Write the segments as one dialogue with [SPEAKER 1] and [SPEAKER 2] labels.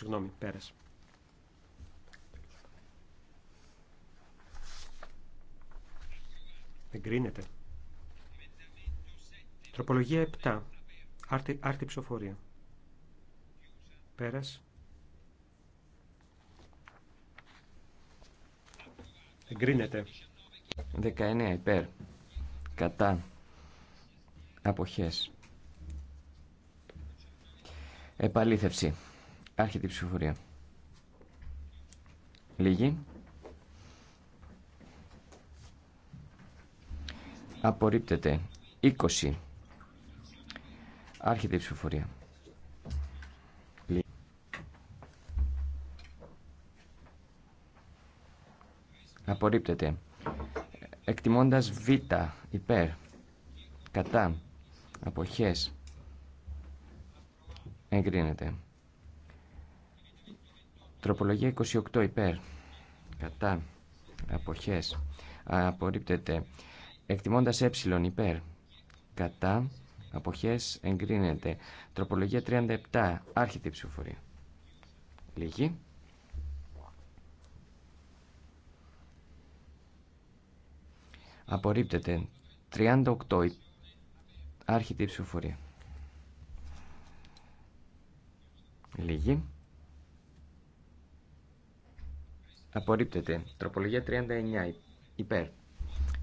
[SPEAKER 1] Συγγνώμη, πέρασε. Εγκρίνεται. Τροπολογία 7. Άρτη, άρτη ψηφοφορία. Πέρας. Εγκρίνεται.
[SPEAKER 2] 19 υπέρ. Κατά. Αποχές. Επαλήθευση. Άρχεται η ψηφοφορία. Λίγη. Απορρίπτεται. 20. Άρχεται η ψηφοφορία. Απορρίπτεται. Εκτιμώντας β, υπέρ, κατά, αποχές, εγκρίνεται. Τροπολογία 28 υπέρ. Κατά. Αποχές. Απορρίπτεται. Εκτιμώντας ε υπέρ. Κατά. Αποχές εγκρίνεται. Τροπολογία 37. άρχιτη ψηφοφορία. Λίγη. Απορρίπτεται. 38. άρχιτη ψηφοφορία. Λίγη. Απορρίπτεται. Τροπολογία 39 υπέρ.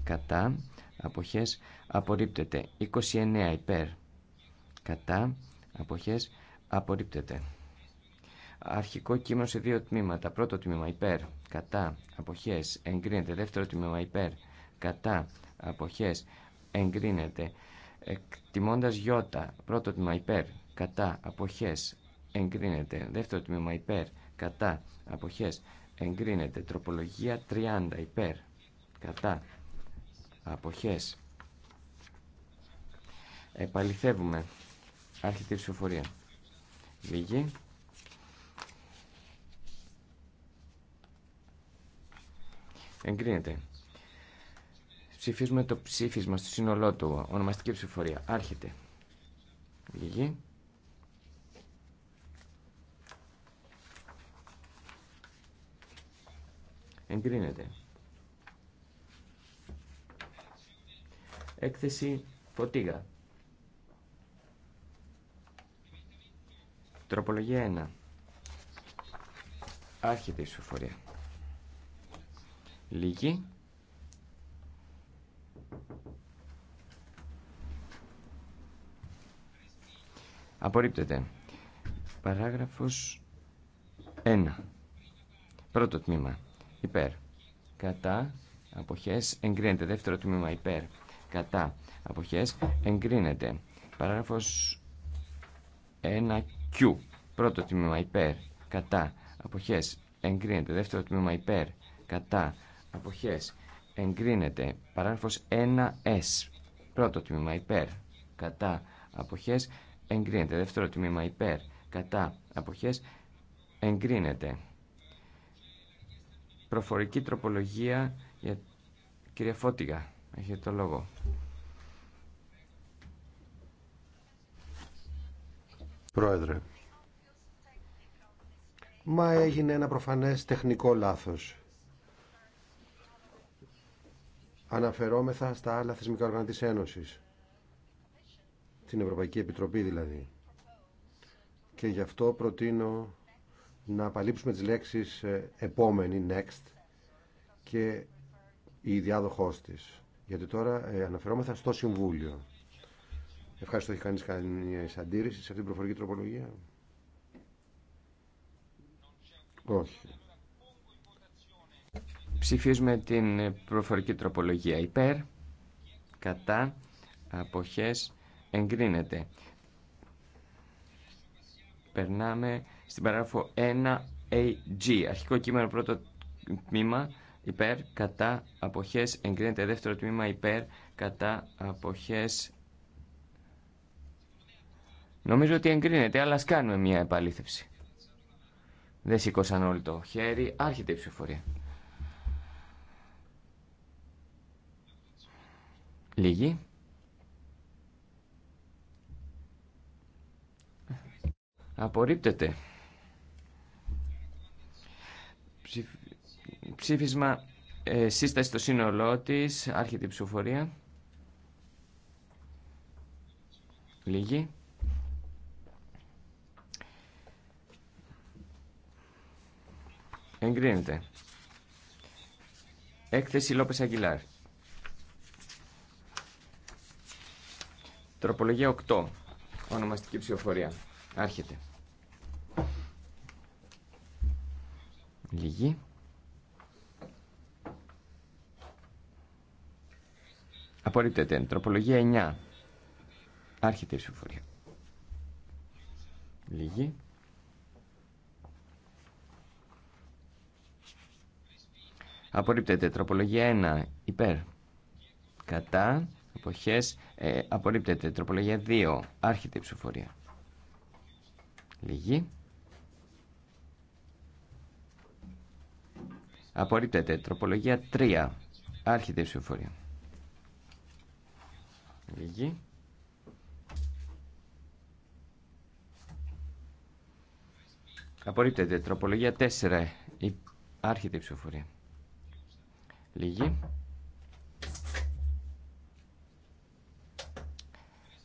[SPEAKER 2] Κατά. Αποχές. Απορρίπτεται. 29 υπέρ. Κατά. Αποχές. Απορρίπτεται. Αρχικό κείμενο σε δύο τμήματα. Πρώτο τμήμα υπέρ. Κατά. Αποχές. Εγκρίνεται. Δεύτερο τμήμα υπέρ. Κατά. Αποχές. Εγκρίνεται. εκτιμώντα Ι. Πρώτο τμήμα υπέρ. Κατά. απόχέ. Εγκρίνεται. Δεύτερο τμήμα υπέρ. Κατά. Αποχέ εγκρίνεται. Τροπολογία 30 υπέρ, κατά, αποχές. Επαληθεύουμε. Άρχεται η ψηφοφορία. Λίγη. Εγκρίνεται. Ψηφίζουμε το ψήφισμα στο σύνολό του. Ονομαστική ψηφοφορία. Άρχεται. Λίγη. Εγκρίνεται. Έκθεση Φωτίγα. Τροπολογία 1. Άρχεται η σοφορία. Λίγη. Απορρίπτεται. Παράγραφος 1. Πρώτο τμήμα υπέρ. Κατά αποχές εγκρίνεται. Δεύτερο τμήμα υπέρ. Κατά αποχές εγκρίνεται. Παράγραφος 1Q. Πρώτο τμήμα υπέρ. Κατά αποχές εγκρίνεται. Δεύτερο τμήμα υπέρ. Κατά αποχές εγκρίνεται. Παράγραφος 1S. Πρώτο τμήμα υπέρ. Κατά αποχές εγκρίνεται. Δεύτερο τμήμα υπέρ. Κατά αποχές εγκρίνεται. Προφορική τροπολογία για κυρία Φώτιγα. Έχετε το λόγο. Πρόεδρε,
[SPEAKER 3] μα έγινε ένα προφανές τεχνικό λάθος. Αναφερόμεθα στα άλλα θεσμικά όργανα της Ένωσης, την Ευρωπαϊκή Επιτροπή δηλαδή. Και γι' αυτό προτείνω να απαλείψουμε τις λέξεις ε, επόμενη, next και η διάδοχός της. Γιατί τώρα ε, αναφερόμεθα στο Συμβούλιο. Ευχαριστώ, έχει κανείς κάνει αντίρρηση σε αυτή την προφορική τροπολογία.
[SPEAKER 2] Όχι. Ψηφίζουμε την προφορική τροπολογία υπέρ, κατά, αποχές, εγκρίνεται. Περνάμε στην παράγραφο 1AG. Αρχικό κείμενο πρώτο τμήμα υπέρ κατά αποχές εγκρίνεται. Δεύτερο τμήμα υπέρ κατά αποχές Νομίζω ότι εγκρίνεται, αλλά ας κάνουμε μια επαλήθευση. Δεν σήκωσαν όλοι το χέρι. Άρχεται η ψηφοφορία. Λίγη. Απορρίπτεται. Ψήφισμα ε, σύσταση στο σύνολό της, άρχεται η ψηφοφορία. Λίγη. Εγκρίνεται. Έκθεση Λόπες Αγγιλάρ. Τροπολογία 8. Ονομαστική ψηφοφορία. Άρχεται. Λίγη. Απορρίπτεται. Τροπολογία 9. Άρχεται η ψηφοφορία. Λίγη. Απορρίπτεται. Τροπολογία 1. Υπέρ. Κατά. Εποχές. Ε, απορρίπτεται. Τροπολογία 2. Άρχεται η ψηφοφορία. Λίγη. Απορρίπτεται. Τροπολογία 3. άρχιτε ψηφοφορία. Λίγη. Απορρίπτεται. Τροπολογία 4. άρχιτε ψηφοφορία. Λίγη.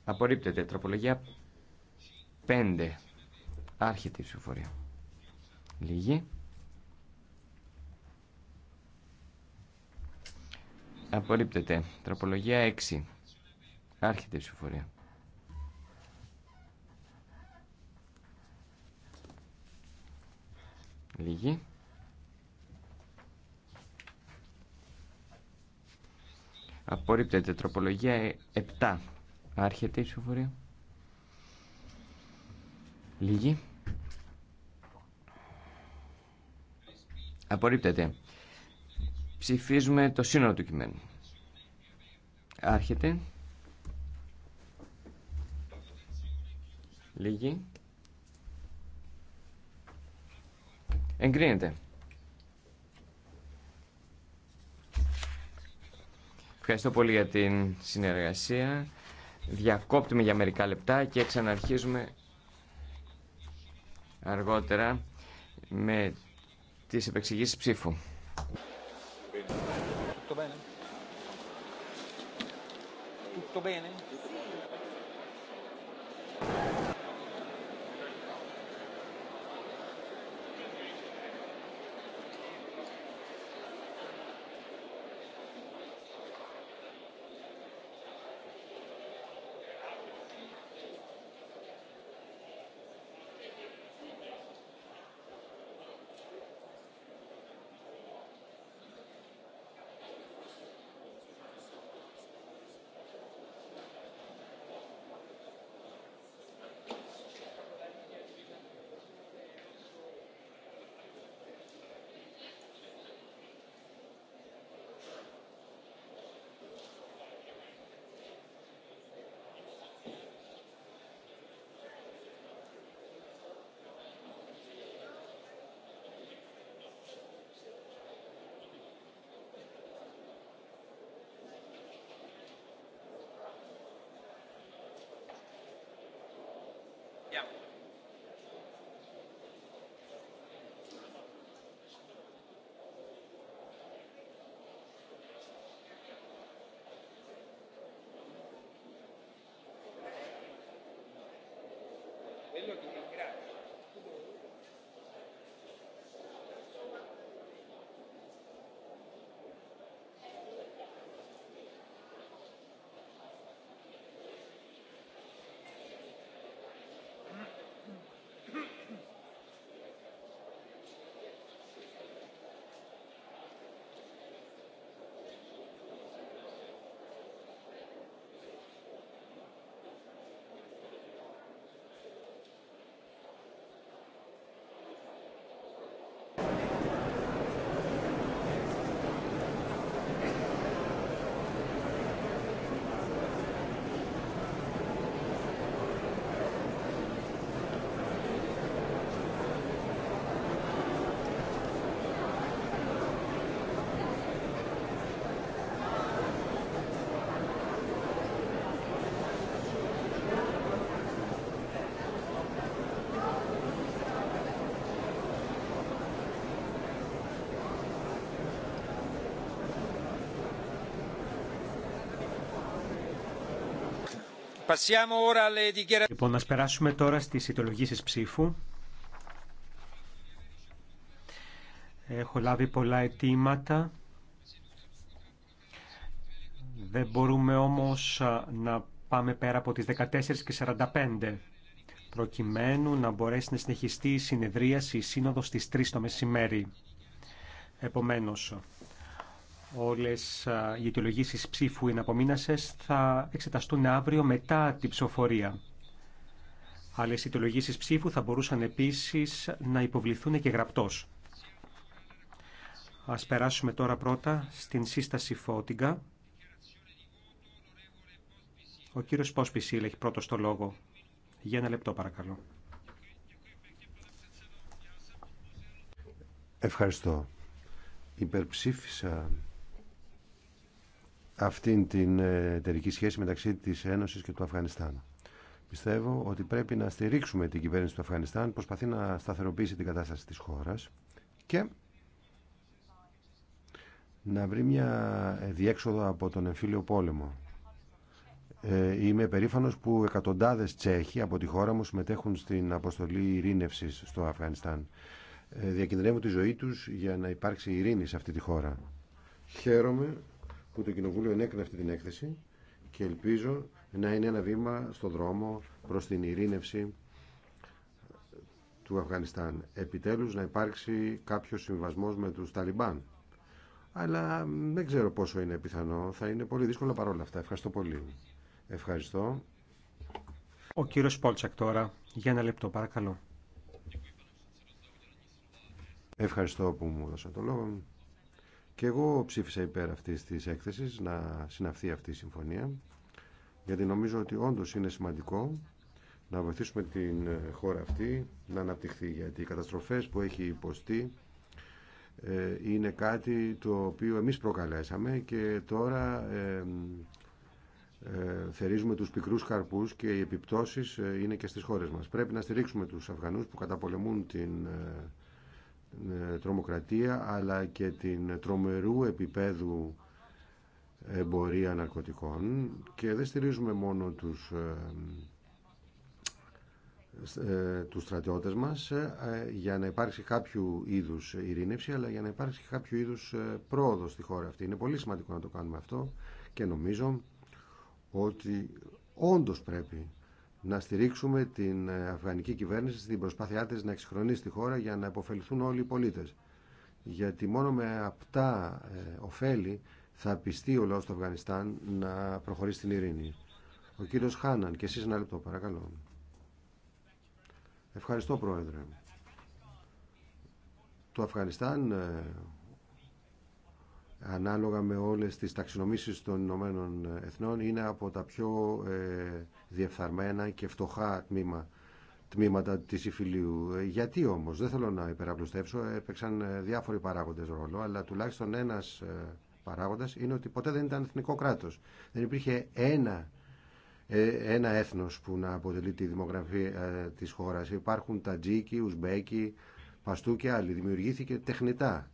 [SPEAKER 2] Απορρίπτεται. Τροπολογία 5. άρχιτε η ψηφοφορία. Λίγη. Απορρίπτεται. Τροπολογία 6. Άρχεται η ψηφοφορία. Λίγη. Απορρίπτεται. Τροπολογία 7. Άρχεται η ψηφοφορία. Λίγη. Απορρίπτεται. Ψηφίζουμε το σύνολο του κειμένου. Άρχεται. Λίγη. Εγκρίνεται. Ευχαριστώ πολύ για την συνεργασία. Διακόπτουμε για μερικά λεπτά και ξαναρχίζουμε αργότερα με τις επεξηγήσεις ψήφου.
[SPEAKER 3] Tutto bene? Tutto bene?
[SPEAKER 4] Quello
[SPEAKER 1] Λοιπόν, να περάσουμε τώρα στι ιτολογήσει ψήφου. Έχω λάβει πολλά αιτήματα. Δεν μπορούμε όμως να πάμε πέρα από τις 14 και 45 προκειμένου να μπορέσει να συνεχιστεί η συνεδρίαση η σύνοδος στις 3 το μεσημέρι. Επομένως, Όλες οι αιτιολογήσεις ψήφου είναι απομείνασες, θα εξεταστούν αύριο μετά την ψηφοφορία. Άλλες αιτιολογήσεις ψήφου θα μπορούσαν επίσης να υποβληθούν και γραπτός. Ας περάσουμε τώρα πρώτα στην σύσταση Φώτιγκα. Ο κύριος Πόσπισιλ έχει πρώτος το λόγο. Για ένα λεπτό παρακαλώ.
[SPEAKER 3] Ευχαριστώ. Υπερψήφισα αυτήν την ε, εταιρική σχέση μεταξύ της Ένωσης και του Αφγανιστάν. Πιστεύω ότι πρέπει να στηρίξουμε την κυβέρνηση του Αφγανιστάν προσπαθεί να σταθεροποιήσει την κατάσταση της χώρας και να βρει μια ε, διέξοδο από τον εμφύλιο πόλεμο. Ε, είμαι περήφανος που εκατοντάδες Τσέχοι από τη χώρα μου συμμετέχουν στην αποστολή ειρήνευσης στο Αφγανιστάν. διακινδυνεύουν τη ζωή τους για να υπάρξει ειρήνη σε αυτή τη χώρα. Χαίρομαι που το Κοινοβούλιο ενέκρινε αυτή την έκθεση και ελπίζω να είναι ένα βήμα στο δρόμο προς την ειρήνευση του Αφγανιστάν. Επιτέλους να υπάρξει κάποιος συμβασμός με τους Ταλιμπάν. Αλλά δεν ξέρω πόσο είναι πιθανό. Θα είναι πολύ δύσκολο παρόλα αυτά. Ευχαριστώ πολύ. Ευχαριστώ. Ο κύριος Πόλτσακ τώρα. Για ένα λεπτό παρακαλώ. Ευχαριστώ που μου δώσατε το λόγο. Και εγώ ψήφισα υπέρ αυτής της έκθεσης να συναυθεί αυτή η συμφωνία γιατί νομίζω ότι όντως είναι σημαντικό να βοηθήσουμε την χώρα αυτή να αναπτυχθεί γιατί οι καταστροφές που έχει υποστεί ε, είναι κάτι το οποίο εμείς προκαλέσαμε και τώρα ε, ε θερίζουμε τους πικρούς καρπούς και οι επιπτώσεις ε, είναι και στις χώρες μας. Πρέπει να στηρίξουμε τους Αφγανούς που καταπολεμούν την ε, τρομοκρατία αλλά και την τρομερού επίπεδου εμπορία ναρκωτικών και δεν στηρίζουμε μόνο τους, ε, ε, τους στρατιώτες μας για να υπάρξει κάποιο είδους ειρήνευση αλλά για να υπάρξει κάποιο είδους πρόοδο στη χώρα αυτή. Είναι πολύ σημαντικό να το κάνουμε αυτό και νομίζω ότι όντως πρέπει να στηρίξουμε την ε, αφγανική κυβέρνηση στην προσπάθειά της να εξυγχρονίσει τη χώρα για να υποφεληθούν όλοι οι πολίτες. Γιατί μόνο με αυτά ε, ωφέλη θα πιστεί ο λαός του Αφγανιστάν να προχωρήσει στην ειρήνη. Ο κύριος Χάναν, και εσείς ένα λεπτό παρακαλώ. Ευχαριστώ Πρόεδρε. Το Αφγανιστάν ε, ανάλογα με όλες τις ταξινομήσεις των Ηνωμένων Εθνών είναι από τα πιο ε, διεφθαρμένα και φτωχά τμήμα, τμήματα της Ιφιλίου. Ε, γιατί όμως, δεν θέλω να υπεραπλουστεύσω, έπαιξαν ε, διάφοροι παράγοντες ρόλο, αλλά τουλάχιστον ένας ε, παράγοντας είναι ότι ποτέ δεν ήταν εθνικό κράτος. Δεν υπήρχε ένα ένα έθνος που να αποτελεί τη δημογραφία της χώρας. Υπάρχουν Τατζίκοι, Ουσμπέκοι, Παστού και άλλοι. Δημιουργήθηκε τεχνητά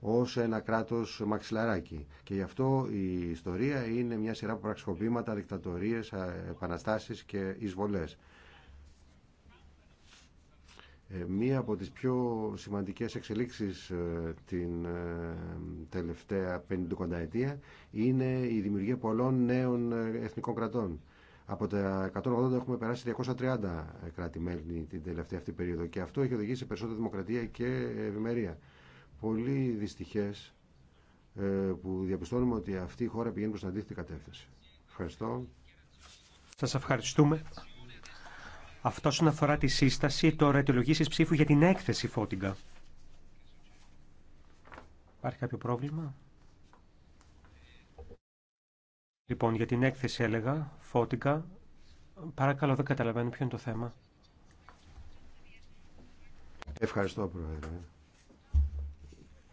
[SPEAKER 3] ως ένα κράτος μαξιλαράκι. Και γι' αυτό η ιστορία είναι μια σειρά από πραξικοπήματα, δικτατορίες, επαναστάσεις και εισβολές. Ε, μία από τις πιο σημαντικές εξελίξεις ε, την ε, τελευταία 50 ετία είναι η δημιουργία πολλών νέων εθνικών κρατών. Από τα 180 έχουμε περάσει 230 κράτη-μέλη την τελευταία αυτή περίοδο και αυτό έχει οδηγήσει σε περισσότερη δημοκρατία και ευημερία πολύ δυστυχές ε, που διαπιστώνουμε ότι αυτή η χώρα πηγαίνει προς την αντίθετη κατεύθυνση. Ευχαριστώ.
[SPEAKER 1] Σας ευχαριστούμε. Αυτό όσον αφορά τη σύσταση, τώρα αιτιολογήσεις ψήφου για την έκθεση Φώτιγκα. Υπάρχει κάποιο πρόβλημα? Λοιπόν, για την έκθεση έλεγα, Φώτιγκα, παρακαλώ δεν καταλαβαίνω ποιο είναι το θέμα.
[SPEAKER 3] Ευχαριστώ, Πρόεδρε.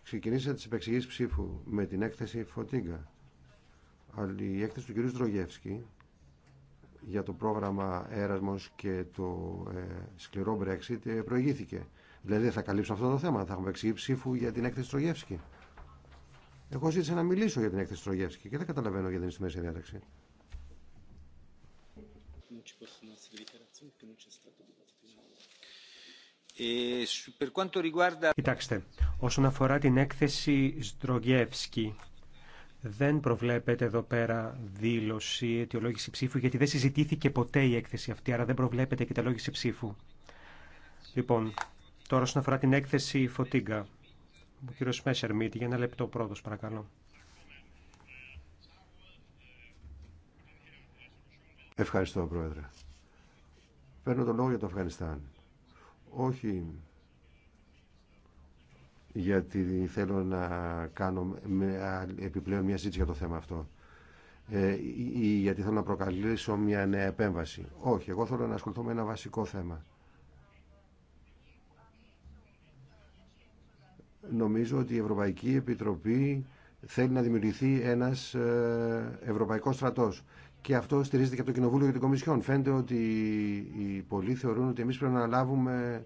[SPEAKER 3] Ξεκινήσατε τις επεξηγήσει ψήφου με την έκθεση Φωτίγκα. Αλλά η έκθεση του κ. Στρογεύσκη για το πρόγραμμα έρασμο και το ε, σκληρό Brexit ε, προηγήθηκε. Δηλαδή θα καλύψω αυτό το θέμα, θα έχουμε επεξηγήσει ψήφου για την έκθεση Στρογεύσκη. Εγώ ζήτησα να μιλήσω για την έκθεση Στρογεύσκη και δεν καταλαβαίνω γιατί είναι στη μέση διάταξη.
[SPEAKER 1] Ε, Κοιτάξτε, όσον αφορά την έκθεση Στρογεύσκη, δεν προβλέπεται εδώ πέρα δήλωση, αιτιολόγηση ψήφου, γιατί δεν συζητήθηκε ποτέ η έκθεση αυτή, άρα δεν προβλέπεται και τα λόγηση ψήφου. Λοιπόν, τώρα όσον αφορά την έκθεση Φωτίγκα, ο κύριο Μέσερμιτ, για ένα λεπτό πρώτο, παρακαλώ.
[SPEAKER 3] Ευχαριστώ, Πρόεδρε. Παίρνω τον λόγο για το Αφγανιστάν όχι γιατί θέλω να κάνω επιπλέον μια ζήτηση για το θέμα αυτό ε, ή γιατί θέλω να προκαλέσω μια νέα επέμβαση. Όχι, εγώ θέλω να ασχοληθώ με ένα βασικό θέμα. Νομίζω ότι η Ευρωπαϊκή Επιτροπή θέλει να δημιουργηθεί ένας ε, ευρωπαϊκός στρατός και αυτό στηρίζεται και από το Κοινοβούλιο και την Κομισιόν. Φαίνεται ότι οι πολλοί θεωρούν ότι εμεί πρέπει να λάβουμε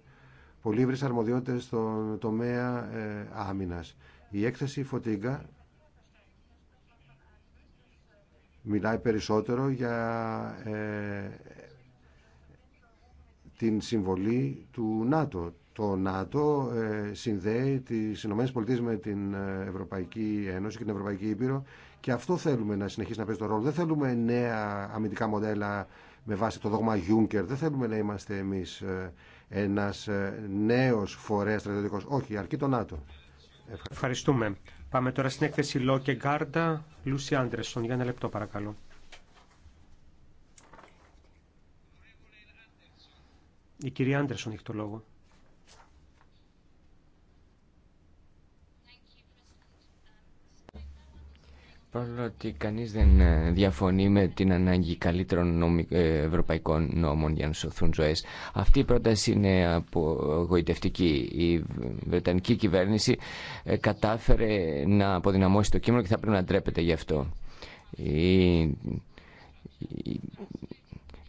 [SPEAKER 3] πολύ ευρύ αρμοδιότητε στον τομέα ε, άμυνα. Η έκθεση Φωτίγκα μιλάει περισσότερο για ε, την συμβολή του ΝΑΤΟ. Το ΝΑΤΟ ε, συνδέει τις ΗΠΑ με την ε, Ευρωπαϊκή Ένωση και την Ευρωπαϊκή Ήπειρο και αυτό θέλουμε να συνεχίσει να παίζει το ρόλο. Δεν θέλουμε νέα αμυντικά μοντέλα με βάση το δόγμα Juncker. Δεν θέλουμε να είμαστε εμεί ε, ένα ε, νέο φορέα στρατιωτικό. Όχι, αρκεί το ΝΑΤΟ.
[SPEAKER 1] Ευχαριστούμε. Πάμε τώρα στην έκθεση Λό
[SPEAKER 3] και Γκάρντα.
[SPEAKER 1] Λούσι Άντρεσον, για ένα λεπτό παρακαλώ. Η κυρία Άντρεσον έχει το λόγο.
[SPEAKER 2] παρόλο ότι κανεί δεν ε, διαφωνεί με την ανάγκη καλύτερων ε, ευρωπαϊκών νόμων για να σωθούν ζωέ. Αυτή η πρόταση είναι απογοητευτική. Η Βρετανική κυβέρνηση ε, κατάφερε να αποδυναμώσει το κείμενο και θα πρέπει να ντρέπεται γι' αυτό.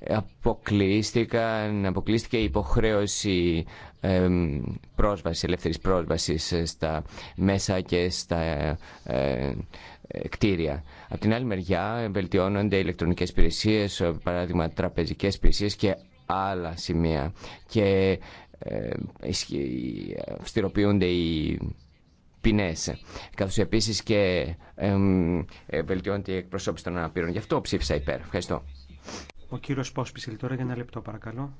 [SPEAKER 2] Αποκλείστηκαν, αποκλείστηκε η υποχρέωση ε, πρόσβαση, ελεύθερης πρόσβασης στα μέσα και στα κτίρια. Από την άλλη μεριά βελτιώνονται ηλεκτρονικές υπηρεσίες, ε, παράδειγμα τραπεζικές υπηρεσίε και άλλα σημεία και ε, αυστηροποιούνται οι ποινές, καθώς επίσης και ε, βελτιώνεται η εκπροσώπηση των αναπήρων. Γι' αυτό ψήφισα υπέρ. Ευχαριστώ.
[SPEAKER 1] Ο κύριος Πόσπισιλ τώρα για ένα λεπτό παρακαλώ.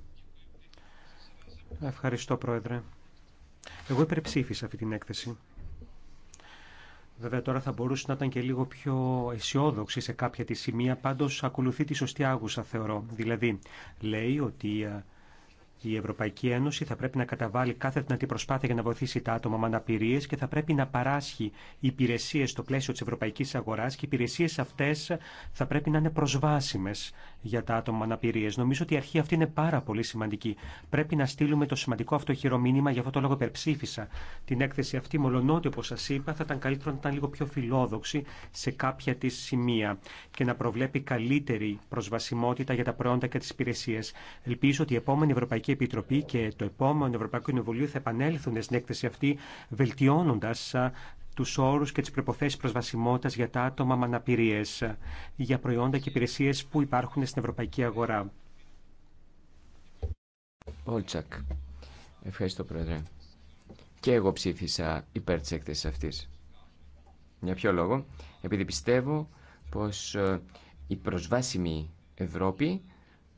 [SPEAKER 1] Ευχαριστώ Πρόεδρε. Εγώ υπερψήφισα αυτή την έκθεση. Βέβαια τώρα θα μπορούσε να ήταν και λίγο πιο αισιόδοξη σε κάποια τη σημεία, πάντως ακολουθεί τη σωστή άγουσα θεωρώ. Δηλαδή λέει ότι ε, η Ευρωπαϊκή Ένωση θα πρέπει να καταβάλει κάθε δυνατή προσπάθεια για να βοηθήσει τα άτομα με αναπηρίε και θα πρέπει να παράσχει υπηρεσίε στο πλαίσιο τη ευρωπαϊκή αγορά και οι υπηρεσίε αυτέ θα πρέπει να είναι προσβάσιμε για τα άτομα αναπηρίε. Νομίζω ότι η αρχή αυτή είναι πάρα πολύ σημαντική. Πρέπει να στείλουμε το σημαντικό αυτό χειρομήνυμα, γι' αυτό το λόγο υπερψήφισα την έκθεση αυτή, μολονότι, όπω σα είπα, θα ήταν καλύτερο να ήταν λίγο πιο φιλόδοξη σε κάποια τη σημεία και να προβλέπει καλύτερη προσβασιμότητα για τα προϊόντα και τι υπηρεσίε. Ελπίζω ότι η επόμενη Ευρωπαϊκή Επιτροπή και το επόμενο Ευρωπαϊκό Κοινοβουλίο θα επανέλθουν στην έκθεση αυτή, βελτιώνοντα του όρου και τι προποθέσει προσβασιμότητα για τα άτομα με αναπηρίε, για προϊόντα και υπηρεσίε που υπάρχουν στην ευρωπαϊκή αγορά.
[SPEAKER 2] Όλτσακ. Ευχαριστώ, Πρόεδρε. Και εγώ ψήφισα υπέρ τη έκθεση αυτή. Για ποιο λόγο, επειδή πιστεύω πως ε, η προσβάσιμη Ευρώπη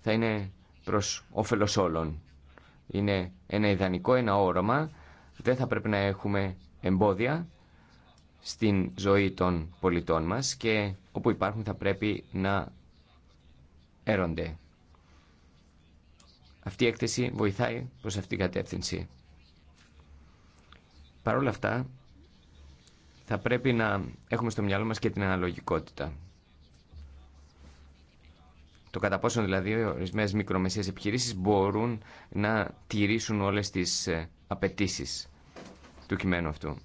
[SPEAKER 2] θα είναι προς όφελο όλων. Είναι ένα ιδανικό, ένα όρομα, δεν θα πρέπει να έχουμε εμπόδια στην ζωή των πολιτών μας και όπου υπάρχουν θα πρέπει να έρονται. Αυτή η έκθεση βοηθάει προς αυτήν την κατεύθυνση. Παρ' όλα αυτά, θα πρέπει να έχουμε στο μυαλό μας και την αναλογικότητα. Το κατά πόσο δηλαδή ορισμένε μικρομεσαίες επιχειρήσεις μπορούν να τηρήσουν όλες τις ε, απαιτήσει του κειμένου αυτού.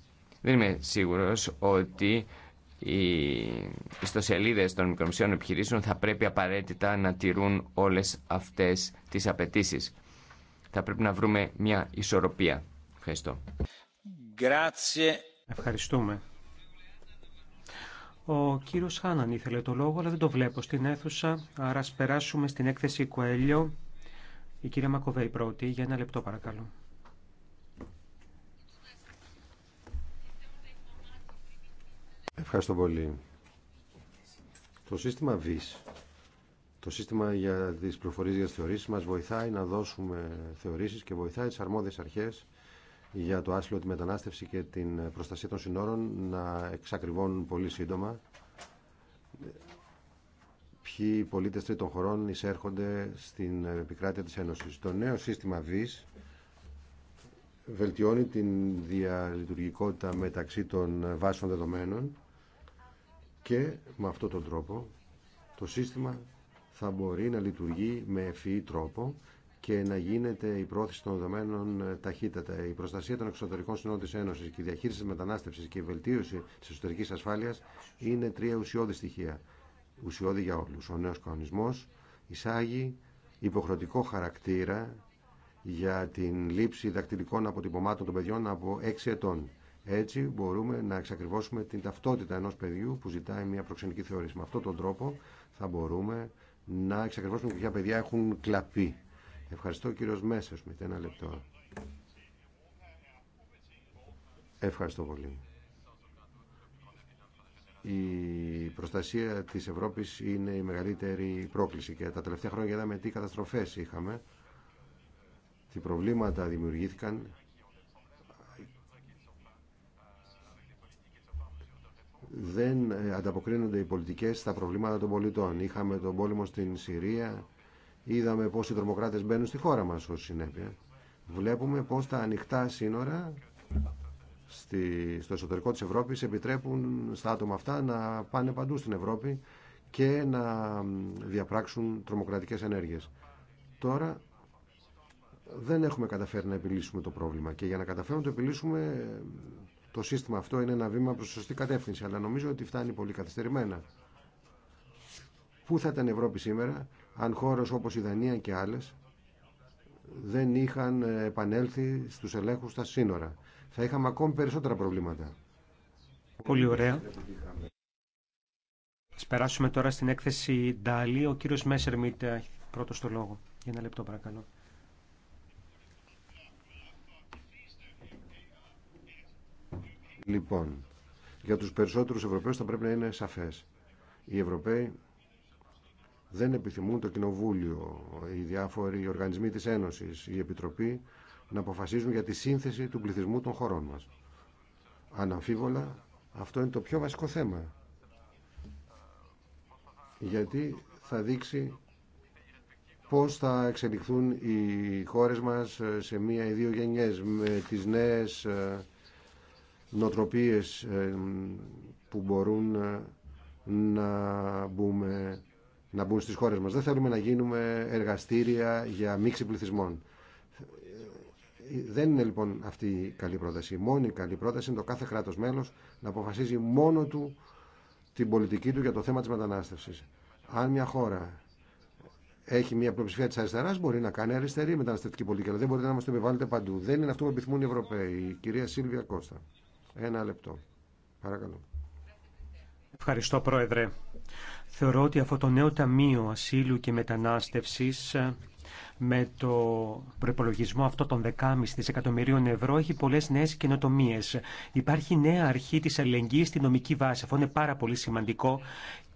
[SPEAKER 2] Δεν είμαι σίγουρος ότι οι ιστοσελίδε των μικρομεσαίων επιχειρήσεων θα πρέπει απαραίτητα να τηρούν όλες αυτές τις απαιτήσεις. Θα πρέπει να βρούμε μια ισορροπία. Ευχαριστώ. Ευχαριστούμε.
[SPEAKER 1] Ο κύριος Χάναν ήθελε το λόγο, αλλά δεν το βλέπω στην αίθουσα, άρα ας περάσουμε στην έκθεση Κουέλιο. Η κυρία Μακοβέη πρώτη, για ένα λεπτό παρακαλώ.
[SPEAKER 3] Ευχαριστώ πολύ. Το σύστημα VIS, το σύστημα για τις πληροφορίες για τις θεωρήσεις μας βοηθάει να δώσουμε θεωρήσεις και βοηθάει τις αρμόδιες αρχές για το άσυλο, τη μετανάστευση και την προστασία των συνόρων να εξακριβώνουν πολύ σύντομα ποιοι πολίτες τρίτων χωρών εισέρχονται στην επικράτεια της Ένωσης. Το νέο σύστημα VIS βελτιώνει την διαλειτουργικότητα μεταξύ των βάσεων δεδομένων και με αυτόν τον τρόπο το σύστημα θα μπορεί να λειτουργεί με ευφυή τρόπο και να γίνεται η πρόθεση των δεδομένων ε, ταχύτατα. Η προστασία των εξωτερικών συνόδων τη Ένωση και η διαχείριση τη μετανάστευση και η βελτίωση τη εσωτερική ασφάλεια είναι τρία ουσιώδη στοιχεία. Ουσιώδη για όλου. Ο νέο κανονισμό εισάγει υποχρεωτικό χαρακτήρα για την λήψη δακτυλικών αποτυπωμάτων των παιδιών από 6 ετών. Έτσι μπορούμε να εξακριβώσουμε την ταυτότητα ενός παιδιού που ζητάει μια προξενική θεώρηση. Με αυτόν τον τρόπο θα μπορούμε να εξακριβώσουμε ποια παιδιά έχουν κλαπεί. Ευχαριστώ κύριος Μέσος με ένα λεπτό. Ευχαριστώ πολύ. Η προστασία της Ευρώπης είναι η μεγαλύτερη πρόκληση και τα τελευταία χρόνια είδαμε τι καταστροφές είχαμε, τι προβλήματα δημιουργήθηκαν δεν ε, ανταποκρίνονται οι πολιτικές στα προβλήματα των πολιτών. Είχαμε τον πόλεμο στην Συρία, είδαμε πώς οι τρομοκράτες μπαίνουν στη χώρα μας ως συνέπεια. Βλέπουμε πώς τα ανοιχτά σύνορα στη, στο εσωτερικό της Ευρώπης επιτρέπουν στα άτομα αυτά να πάνε παντού στην Ευρώπη και να διαπράξουν τρομοκρατικές ενέργειες. Τώρα δεν έχουμε καταφέρει να επιλύσουμε το πρόβλημα και για να καταφέρουμε να το επιλύσουμε το σύστημα αυτό είναι ένα βήμα προς σωστή κατεύθυνση, αλλά νομίζω ότι φτάνει πολύ καθυστερημένα. Πού θα ήταν η Ευρώπη σήμερα, αν χώρες όπως η Δανία και άλλες δεν είχαν ε, επανέλθει στους ελέγχους στα σύνορα. Θα είχαμε ακόμη περισσότερα προβλήματα. Πολύ ωραία.
[SPEAKER 1] Ας περάσουμε τώρα στην έκθεση Ντάλι. Ο κύριος Μέσερμιτ έχει πρώτο το λόγο. Για ένα λεπτό παρακαλώ.
[SPEAKER 3] Λοιπόν, για τους περισσότερους Ευρωπαίους θα πρέπει να είναι σαφές. Οι Ευρωπαίοι δεν επιθυμούν το Κοινοβούλιο, οι διάφοροι οργανισμοί της Ένωσης, η Επιτροπή να αποφασίζουν για τη σύνθεση του πληθυσμού των χωρών μας. Αναμφίβολα, αυτό είναι το πιο βασικό θέμα. Γιατί θα δείξει πώς θα εξελιχθούν οι χώρες μας σε μία ή δύο γενιές με τις νέες ε, νοτροπίες ε, που μπορούν ε, να, μπούμε, να μπουν στις χώρες μας. Δεν θέλουμε να γίνουμε εργαστήρια για μίξη πληθυσμών. Δεν είναι λοιπόν αυτή η καλή πρόταση. Η μόνη καλή πρόταση είναι το κάθε κράτος μέλος να αποφασίζει μόνο του την πολιτική του για το θέμα της μετανάστευσης. Αν μια χώρα έχει μια πλειοψηφία τη αριστερά, μπορεί να κάνει αριστερή μεταναστευτική πολιτική. Αλλά δεν μπορείτε να μα το επιβάλλετε παντού. Δεν είναι αυτό που επιθυμούν οι Ευρωπαίοι. Η κυρία Σίλβια Κώστα. Ένα λεπτό. Παρακαλώ. Ευχαριστώ, Πρόεδρε.
[SPEAKER 1] Θεωρώ ότι αυτό το νέο Ταμείο Ασύλου και Μετανάστευσης ε, με το προπολογισμό αυτό των 10,5 δισεκατομμυρίων ευρώ έχει πολλές νέες καινοτομίε. Υπάρχει νέα αρχή της αλληλεγγύης στη νομική βάση. Αυτό είναι πάρα πολύ σημαντικό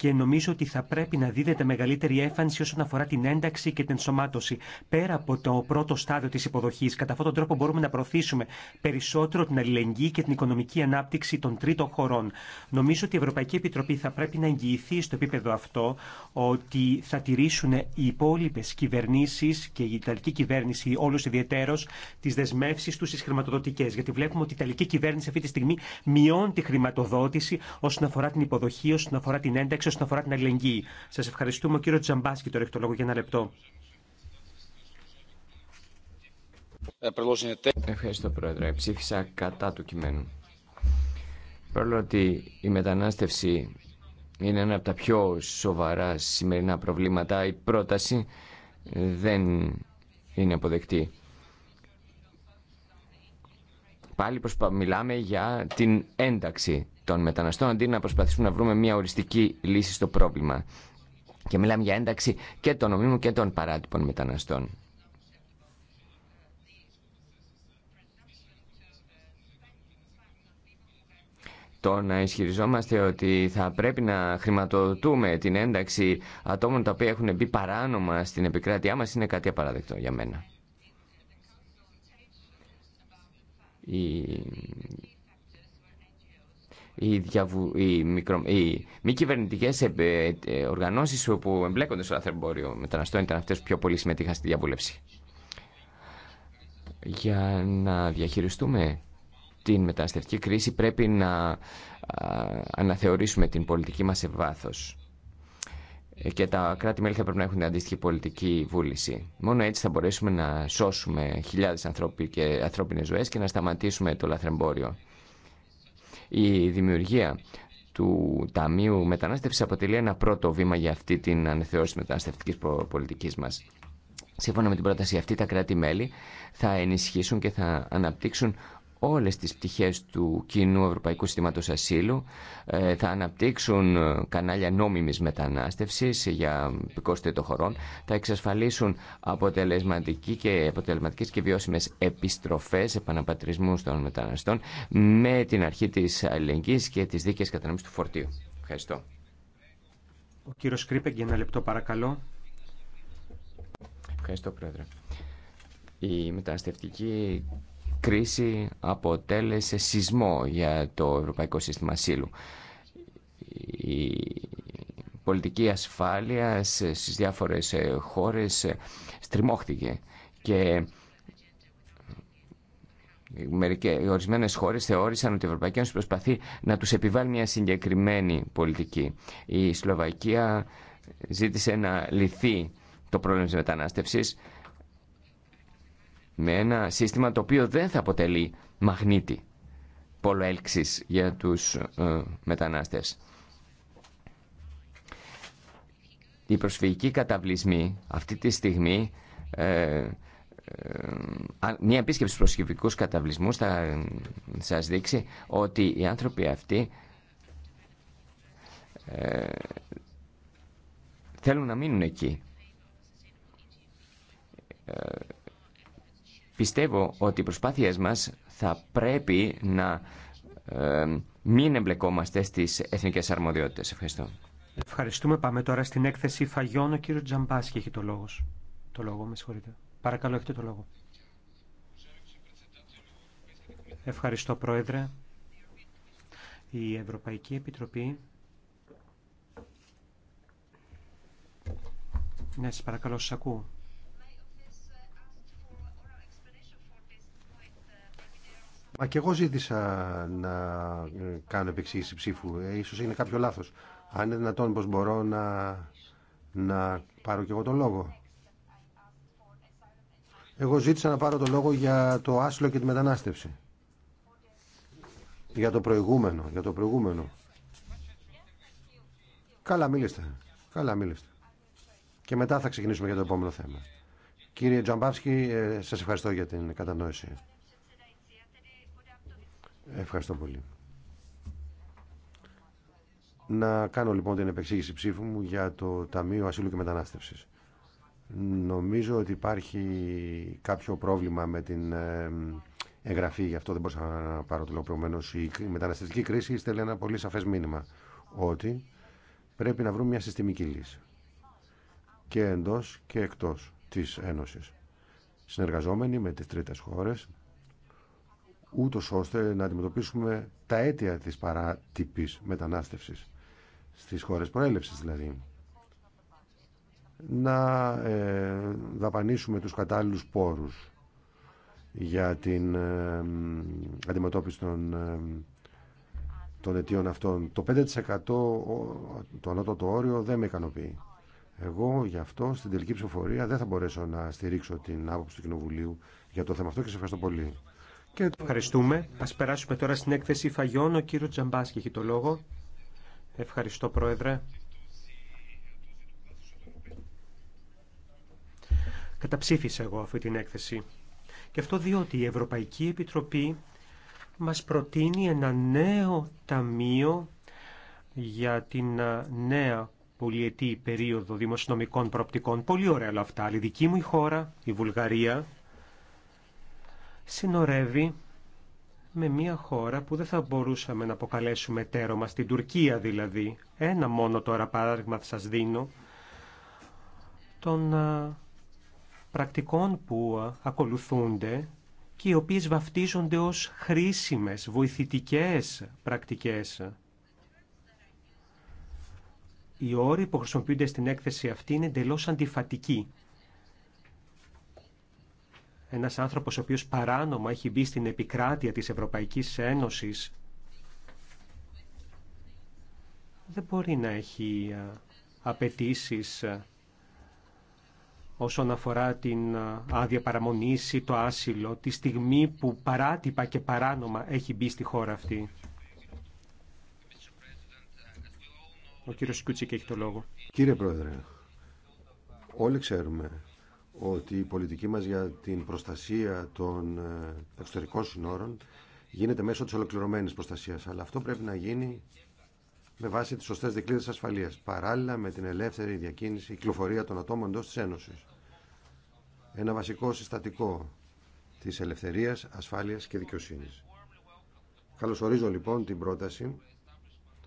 [SPEAKER 1] και νομίζω ότι θα πρέπει να δίδεται μεγαλύτερη έφανση όσον αφορά την ένταξη και την ενσωμάτωση. Πέρα από το πρώτο στάδιο τη υποδοχή, κατά αυτόν τον τρόπο μπορούμε να προωθήσουμε περισσότερο την αλληλεγγύη και την οικονομική ανάπτυξη των τρίτων χωρών. Νομίζω ότι η Ευρωπαϊκή Επιτροπή θα πρέπει να εγγυηθεί στο επίπεδο αυτό ότι θα τηρήσουν οι υπόλοιπε κυβερνήσει και η Ιταλική κυβέρνηση όλου ιδιαίτερω τι δεσμεύσει του στι χρηματοδοτικέ. Γιατί βλέπουμε ότι η Ιταλική κυβέρνηση αυτή τη στιγμή μειώνει τη χρηματοδότηση όσον αφορά την υποδοχή, όσον αφορά την ένταξη, όσον αφορά την αλληλεγγύη. Σα ευχαριστούμε. κύριο Τζαμπάσκι τώρα έχει το λόγο για ένα λεπτό.
[SPEAKER 2] Ευχαριστώ, Πρόεδρε. Ψήφισα κατά του κειμένου. Παρόλο ότι η μετανάστευση είναι ένα από τα πιο σοβαρά σημερινά προβλήματα, η πρόταση δεν είναι αποδεκτή. Πάλι προσπα... μιλάμε για την ένταξη των μεταναστών αντί να προσπαθήσουμε να βρούμε μια οριστική λύση στο πρόβλημα. Και μιλάμε για ένταξη και των νομίμων και των παράτυπων μεταναστών. Το να ισχυριζόμαστε ότι θα πρέπει να χρηματοδοτούμε την ένταξη ατόμων τα οποία έχουν μπει παράνομα στην επικράτειά μας είναι κάτι απαράδεκτο για μένα. οι, η, διαβου, η, μικρο, η μη κυβερνητικέ ε, ε, οργανώσει που εμπλέκονται στο λαθρεμπόριο μεταναστών ήταν αυτέ που πιο πολύ συμμετείχαν στη διαβούλευση. Για να διαχειριστούμε την μεταναστευτική κρίση πρέπει να αναθεωρήσουμε την πολιτική μας σε βάθος. Ε, και τα κράτη-μέλη θα πρέπει να έχουν την αντίστοιχη πολιτική βούληση. Μόνο έτσι θα μπορέσουμε να σώσουμε χιλιάδες και ανθρώπινες ζωές και να σταματήσουμε το λαθρεμπόριο. Η δημιουργία του Ταμείου Μετανάστευση αποτελεί ένα πρώτο βήμα για αυτή την ανεθεώρηση μεταναστευτική πολιτικής μας. Σύμφωνα με την πρόταση αυτή, τα κράτη-μέλη θα ενισχύσουν και θα αναπτύξουν όλες τις πτυχές του κοινού Ευρωπαϊκού Συστήματος Ασύλου, ε, θα αναπτύξουν ε, κανάλια νόμιμης μετανάστευσης για των χωρών, θα εξασφαλίσουν αποτελεσματική και, αποτελεσματικές και βιώσιμες επιστροφές επαναπατρισμού των μεταναστών με την αρχή της αλληλεγγύης και της δίκαιης κατανομής του φορτίου. Ευχαριστώ.
[SPEAKER 1] Ο κύριος ένα λεπτό παρακαλώ.
[SPEAKER 2] Ευχαριστώ, Πρόεδρε. Η μεταναστευτική κρίση αποτέλεσε σεισμό για το Ευρωπαϊκό Σύστημα Ασύλου. Η πολιτική ασφάλεια στις διάφορες ε, χώρες ε, στριμώχτηκε και μερικές, ορισμένες χώρες θεώρησαν ότι η Ευρωπαϊκή Ένωση προσπαθεί να τους επιβάλλει μια συγκεκριμένη πολιτική. Η Σλοβακία ζήτησε να λυθεί το πρόβλημα της μετανάστευσης με ένα σύστημα το οποίο δεν θα αποτελεί μαγνήτη πόλο έλξης για τους ε, μετανάστες. Οι προσφυγικοί καταβλισμοί αυτή τη στιγμή ε, ε μια επίσκεψη στους προσφυγικούς καταβλισμούς θα ε, σας δείξει ότι οι άνθρωποι αυτοί θέλουν να μείνουν εκεί. Πιστεύω ότι οι προσπάθειές μας θα πρέπει να ε, μην εμπλεκόμαστε στις εθνικές αρμοδιότητες. Ευχαριστώ.
[SPEAKER 1] Ευχαριστούμε. Πάμε τώρα στην έκθεση Φαγιών. Ο κύριο Τζαμπάσκη έχει το λόγο. Το λόγο, με συγχωρείτε. Παρακαλώ, έχετε το λόγο. Ευχαριστώ, Πρόεδρε. Η Ευρωπαϊκή Επιτροπή. Ναι, σας παρακαλώ, σας ακούω.
[SPEAKER 3] Μα και εγώ ζήτησα να κάνω επεξήγηση ψήφου. Ε, ίσως είναι κάποιο λάθος. Αν είναι δυνατόν πως μπορώ να, να πάρω και εγώ τον λόγο. Εγώ ζήτησα να πάρω τον λόγο για το άσυλο και τη μετανάστευση. Για το προηγούμενο, για το προηγούμενο. Καλά μίληστε, καλά μίληστε. Και μετά θα ξεκινήσουμε για το επόμενο θέμα. Κύριε Τζαμπάφσκι, ε, σας ευχαριστώ για την κατανόηση. Ευχαριστώ πολύ. Να κάνω λοιπόν την επεξήγηση ψήφου μου για το Ταμείο Ασύλου και Μετανάστευσης. Νομίζω ότι υπάρχει κάποιο πρόβλημα με την εγγραφή, γι' αυτό δεν μπορούσα να πάρω το λόγο Η μεταναστευτική κρίση στέλνει ένα πολύ σαφές μήνυμα ότι πρέπει να βρούμε μια συστημική λύση και εντός και εκτός της Ένωσης. Συνεργαζόμενοι με τις τρίτες χώρες ούτω ώστε να αντιμετωπίσουμε τα αίτια της παράτυπης μετανάστευση στις χώρες πρόέλευση δηλαδή. Να ε, δαπανίσουμε τους κατάλληλους πόρους για την ε, αντιμετώπιση ε, των, αιτίων αυτών. Το 5% το ανώτατο όριο δεν με ικανοποιεί. Εγώ γι' αυτό στην τελική ψηφοφορία δεν θα μπορέσω να στηρίξω την άποψη του Κοινοβουλίου για το θέμα αυτό και σε ευχαριστώ πολύ. Και... Ευχαριστούμε.
[SPEAKER 1] Ας περάσουμε τώρα στην έκθεση Φαγιών. Ο κύριο Τζαμπάσκη έχει το λόγο. Ευχαριστώ, Πρόεδρε. Καταψήφισα εγώ αυτή την έκθεση. Και αυτό διότι η Ευρωπαϊκή Επιτροπή μας προτείνει ένα νέο ταμείο για την νέα πολυετή περίοδο δημοσιονομικών προοπτικών. Πολύ ωραία όλα αυτά. Η δική μου χώρα, η Βουλγαρία, συνορεύει με μια χώρα που δεν θα μπορούσαμε να αποκαλέσουμε τέρο μας, την Τουρκία δηλαδή. Ένα μόνο τώρα παράδειγμα θα σας δίνω των πρακτικών που ακολουθούνται και οι οποίες βαφτίζονται ως χρήσιμες, βοηθητικές πρακτικές. Οι όροι που χρησιμοποιούνται στην έκθεση αυτή είναι εντελώ αντιφατικοί ένας άνθρωπος ο οποίος παράνομα έχει μπει στην επικράτεια της Ευρωπαϊκής Ένωσης δεν μπορεί να έχει απαιτήσει όσον αφορά την άδεια παραμονής ή το άσυλο τη στιγμή που παράτυπα και παράνομα έχει μπει στη χώρα αυτή. Ο κύριος Σκούτσικ έχει το λόγο.
[SPEAKER 3] Κύριε Πρόεδρε, όλοι ξέρουμε ότι η πολιτική μας για την προστασία των ε, εξωτερικών συνόρων γίνεται μέσω της ολοκληρωμένης προστασίας. Αλλά αυτό πρέπει να γίνει με βάση τις σωστές δικλείδες ασφαλείας, παράλληλα με την ελεύθερη διακίνηση, κυκλοφορία των ατόμων εντός της Ένωσης. Ένα βασικό συστατικό της ελευθερίας, ασφάλειας και δικαιοσύνης. Καλωσορίζω λοιπόν την πρόταση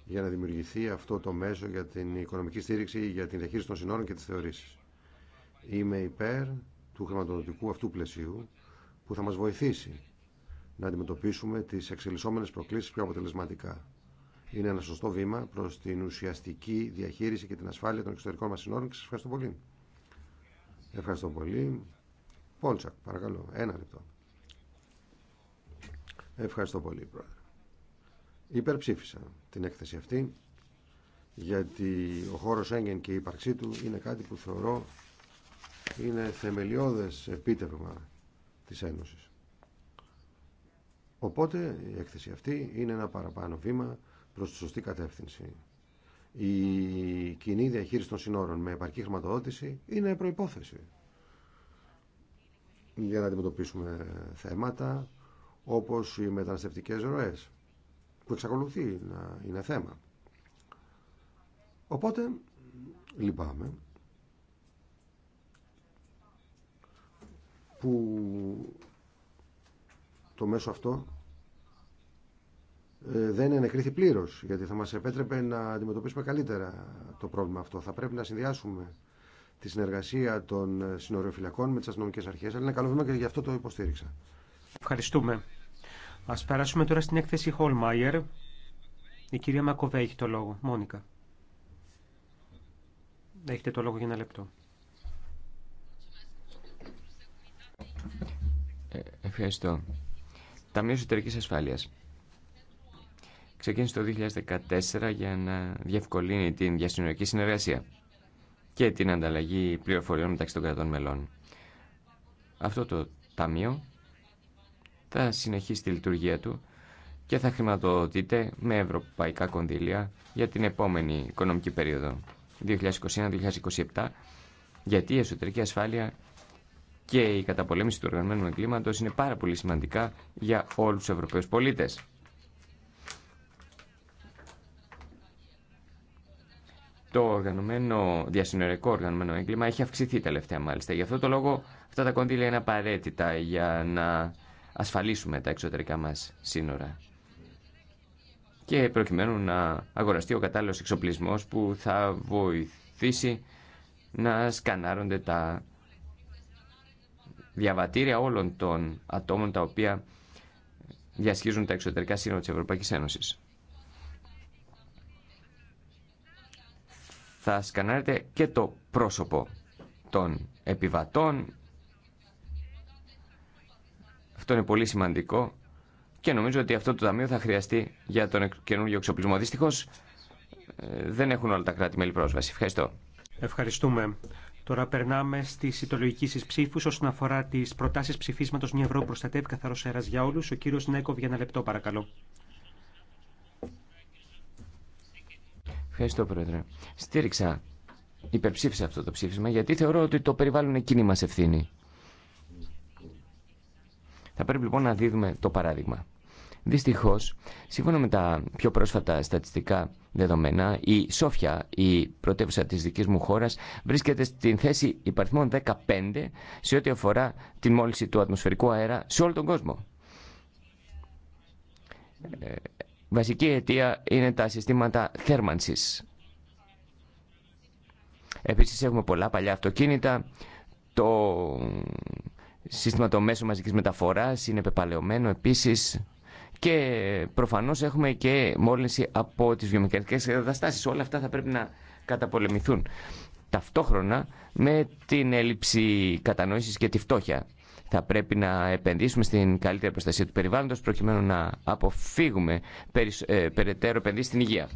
[SPEAKER 3] για να δημιουργηθεί αυτό το μέσο για την οικονομική στήριξη, για την διαχείριση των συνόρων και τις θεωρήσεις. Είμαι υπέρ του χρηματοδοτικού αυτού πλαισίου που θα μας βοηθήσει να αντιμετωπίσουμε τις εξελισσόμενες προκλήσεις πιο αποτελεσματικά. Είναι ένα σωστό βήμα προς την ουσιαστική διαχείριση και την ασφάλεια των εξωτερικών μας συνόρων και ευχαριστώ πολύ. Ευχαριστώ πολύ. Πόλτσακ, παρακαλώ. Ένα λεπτό. Ευχαριστώ πολύ, Πρόεδρε. Υπερψήφισα την έκθεση αυτή, γιατί ο χώρος έγκαιν και η ύπαρξή του είναι κάτι που θεωρώ είναι θεμελιώδες επίτευγμα της Ένωσης. Οπότε η έκθεση αυτή είναι ένα παραπάνω βήμα προς τη σωστή κατεύθυνση. Η κοινή διαχείριση των συνόρων με επαρκή χρηματοδότηση είναι προϋπόθεση για να αντιμετωπίσουμε θέματα όπως οι μεταναστευτικές ροές που εξακολουθεί να είναι θέμα. Οπότε λυπάμαι που το μέσο αυτό ε, δεν ενεκρίθη πλήρω, γιατί θα μας επέτρεπε να αντιμετωπίσουμε καλύτερα το πρόβλημα αυτό. Θα πρέπει να συνδυάσουμε τη συνεργασία των συνοριοφυλακών με τις αστυνομικέ αρχές, αλλά είναι καλό βήμα και γι' αυτό το υποστήριξα.
[SPEAKER 1] Ευχαριστούμε. Ας περάσουμε τώρα στην έκθεση Χολμάιερ. Η κυρία Μακοβέ έχει το λόγο. Μόνικα. Έχετε το λόγο για ένα λεπτό.
[SPEAKER 2] Ευχαριστώ. Ταμείο εσωτερική Ασφάλειας. Ξεκίνησε το 2014 για να διευκολύνει την διασυνορική συνεργασία και την ανταλλαγή πληροφοριών μεταξύ των κρατών μελών. Αυτό το ταμείο θα συνεχίσει τη λειτουργία του και θα χρηματοδοτείται με ευρωπαϊκά κονδύλια για την επόμενη οικονομική περίοδο 2021-2027 γιατί η εσωτερική ασφάλεια και η καταπολέμηση του οργανωμένου εγκλήματο είναι πάρα πολύ σημαντικά για όλους τους ευρωπαίου πολίτες. Το οργανωμένο, διασυνορικό οργανωμένο έγκλημα έχει αυξηθεί τελευταία μάλιστα. Γι' αυτό το λόγο αυτά τα κονδύλια είναι απαραίτητα για να ασφαλίσουμε τα εξωτερικά μας σύνορα και προκειμένου να αγοραστεί ο κατάλληλος εξοπλισμός που θα βοηθήσει να σκανάρονται τα διαβατήρια όλων των ατόμων τα οποία διασχίζουν τα εξωτερικά σύνορα της Ευρωπαϊκής Ένωσης. Θα σκανάρετε και το πρόσωπο των επιβατών. Αυτό είναι πολύ σημαντικό και νομίζω ότι αυτό το ταμείο θα χρειαστεί για τον καινούργιο εξοπλισμό. Δυστυχώς ε, δεν έχουν όλα τα κράτη-μέλη πρόσβαση. Ευχαριστώ.
[SPEAKER 1] Ευχαριστούμε. Τώρα περνάμε στη συντολογική σα ψήφου όσον αφορά τι προτάσει ψηφίσματο Μια ευρώ προστατεύει καθαρό αέρα για όλου. Ο κύριο Νέκοβ για ένα λεπτό, παρακαλώ.
[SPEAKER 2] Ευχαριστώ, Πρόεδρε. Στήριξα, υπερψήφισα αυτό το ψήφισμα γιατί θεωρώ ότι το περιβάλλον εκείνη μα ευθύνη. Θα πρέπει λοιπόν να δίδουμε το παράδειγμα. Δυστυχώς, σύμφωνα με τα πιο πρόσφατα στατιστικά δεδομένα, η Σόφια, η πρωτεύουσα της δικής μου χώρας, βρίσκεται στην θέση υπαριθμών 15 σε ό,τι αφορά την μόλυνση του ατμοσφαιρικού αέρα σε όλο τον κόσμο. Ε, βασική αιτία είναι τα συστήματα θέρμανσης. Επίσης έχουμε πολλά παλιά αυτοκίνητα, το σύστημα το μέσο μαζικής μεταφοράς είναι πεπαλαιωμένο επίσης, και προφανώς έχουμε και μόλυνση από τις βιομηχανικέ καταστάσει. Όλα αυτά θα πρέπει να καταπολεμηθούν ταυτόχρονα με την έλλειψη κατανόησης και τη φτώχεια. Θα πρέπει να επενδύσουμε στην καλύτερη προστασία του περιβάλλοντος προκειμένου να αποφύγουμε ε, περαιτέρω επενδύσεις στην υγεία.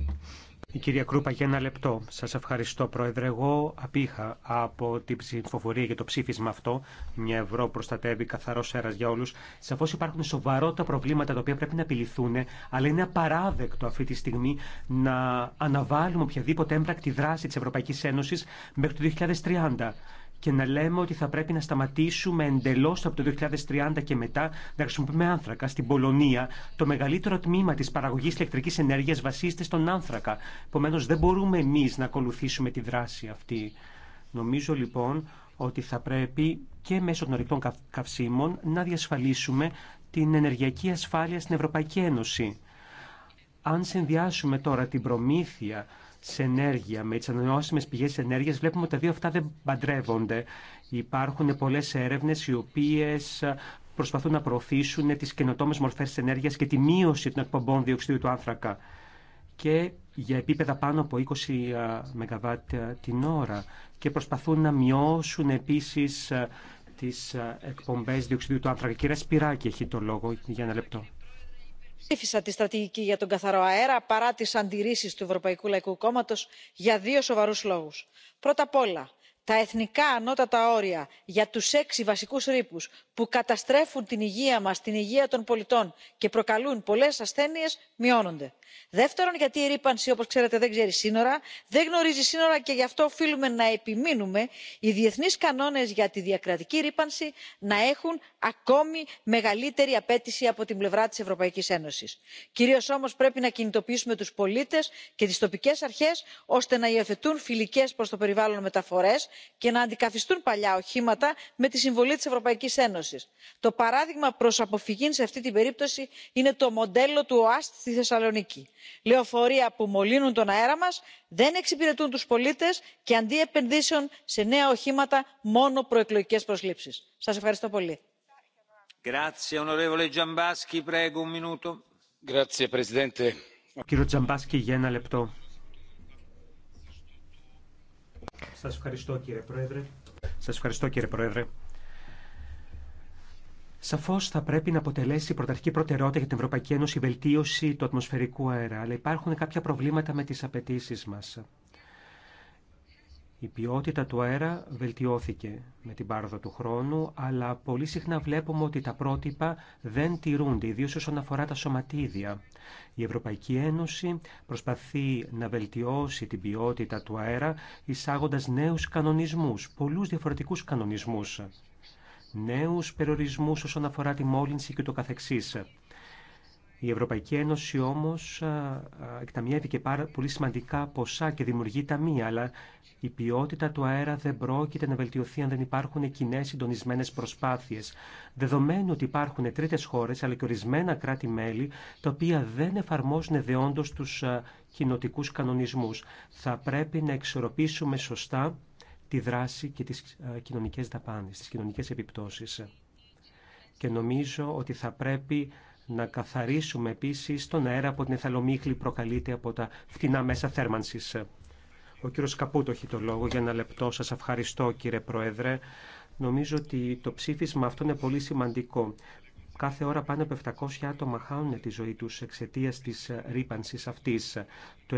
[SPEAKER 1] Η κυρία Κρούπα για ένα λεπτό. Σας ευχαριστώ Πρόεδρε. Εγώ απήχα από την ψηφοφορία για το ψήφισμα αυτό. Μια ευρώ προστατεύει καθαρό αέρας για όλους. Σαφώς υπάρχουν σοβαρότα προβλήματα τα οποία πρέπει να επιληθούν, αλλά είναι απαράδεκτο αυτή τη στιγμή να αναβάλουμε οποιαδήποτε έμπρακτη δράση της Ευρωπαϊκής Ένωσης μέχρι το 2030 και να λέμε ότι θα πρέπει να σταματήσουμε εντελώ από το 2030 και μετά να χρησιμοποιούμε άνθρακα. Στην Πολωνία, το μεγαλύτερο τμήμα τη παραγωγή ηλεκτρική ενέργεια βασίζεται στον άνθρακα. Επομένω, δεν μπορούμε εμεί να ακολουθήσουμε τη δράση αυτή. Νομίζω λοιπόν ότι θα πρέπει και μέσω των ορεικτών καυσίμων να διασφαλίσουμε την ενεργειακή ασφάλεια στην Ευρωπαϊκή Ένωση. Αν συνδυάσουμε τώρα την προμήθεια σε ενέργεια, με τι ανανεώσιμε πηγέ ενέργεια, βλέπουμε ότι τα δύο αυτά δεν παντρεύονται. Υπάρχουν πολλέ έρευνε οι οποίε προσπαθούν να προωθήσουν τι καινοτόμε μορφέ τη ενέργεια και τη μείωση των εκπομπών διοξιδίου του άνθρακα. Και για επίπεδα πάνω από 20 ΜΒ την ώρα. Και προσπαθούν να μειώσουν επίση τι εκπομπέ διοξιδίου του άνθρακα. Κυρία Σπυράκη έχει το λόγο για ένα λεπτό
[SPEAKER 5] ψήφισα τη στρατηγική για τον καθαρό αέρα παρά τις αντιρρήσεις του ευρωπαϊκού λαϊκού κόμματος για δύο σοβαρούς λόγους. πρώτα απ' όλα τα εθνικά ανώτατα όρια για τους έξι βασικούς ρήπους που καταστρέφουν την υγεία μας την υγεία των πολιτών και προκαλούν πολλές ασθένειες μειώνονται. δεύτερον γιατί η ρήπανση όπως ξέρετε δεν ξέρει σύνορα δεν γνωρίζει σύνορα και γι' αυτό οφείλουμε να επιμείνουμε οι διεθνείς κανόνες για τη διακρατική ρήπανση να έχουν ακόμη μεγαλύτερη απέτηση από την πλευρά της ευρωπαϊκής ένωσης. κυρίως όμως πρέπει να κινητοποιήσουμε τους πολίτες και τις τοπικές αρχές ώστε να υιοθετούν φιλικές προς το περιβάλλον μεταφορές και να αντικαθιστούν παλιά οχήματα με τη συμβολή της ευρωπαϊκής ένωσης το παράδειγμα προς αποφυγή σε αυτή την περίπτωση είναι το μοντέλο του οαστ στη θεσσαλονίκη λεωφορεία που μολύνουν τον αέρα μας δεν εξυπηρετούν τους πολίτες και αντί επενδύσεων σε νέα οχήματα μόνο προεκλογικές προσλήψεις. σας ευχαριστώ πολύ.
[SPEAKER 1] Σαφώ θα πρέπει να αποτελέσει η πρωταρχική προτεραιότητα για την Ευρωπαϊκή Ένωση η βελτίωση του ατμοσφαιρικού αέρα, αλλά υπάρχουν κάποια προβλήματα με τι απαιτήσει μα. Η ποιότητα του αέρα βελτιώθηκε με την πάροδο του χρόνου, αλλά πολύ συχνά βλέπουμε ότι τα πρότυπα δεν τηρούνται, ιδίω όσον αφορά τα σωματίδια. Η Ευρωπαϊκή Ένωση προσπαθεί να βελτιώσει την ποιότητα του αέρα εισάγοντα νέου κανονισμού, πολλού διαφορετικού κανονισμού νέους περιορισμούς όσον αφορά τη μόλυνση και το καθεξής. Η Ευρωπαϊκή Ένωση όμως εκταμιεύει και πάρα πολύ σημαντικά ποσά και δημιουργεί ταμεία, αλλά η ποιότητα του αέρα δεν πρόκειται να βελτιωθεί αν δεν υπάρχουν κοινέ συντονισμένε προσπάθειε. Δεδομένου ότι υπάρχουν τρίτε χώρε αλλά και ορισμένα κράτη-μέλη τα οποία δεν εφαρμόζουν δεόντω του κοινοτικού κανονισμού. Θα πρέπει να εξορροπήσουμε σωστά τη δράση και τις ε, κοινωνικές δαπάνες, τις κοινωνικές επιπτώσεις. Και νομίζω ότι θα πρέπει να καθαρίσουμε επίσης τον αέρα από την εθαλομίχλη προκαλείται από τα φτηνά μέσα θέρμανσης. Ο κύριος Καπούτο έχει το λόγο για ένα λεπτό. Σας ευχαριστώ κύριε Πρόεδρε. Νομίζω ότι το ψήφισμα αυτό είναι πολύ σημαντικό. Κάθε ώρα πάνω από 700 άτομα χάνουν τη ζωή τους εξαιτίας της ρήπανσης αυτής. Το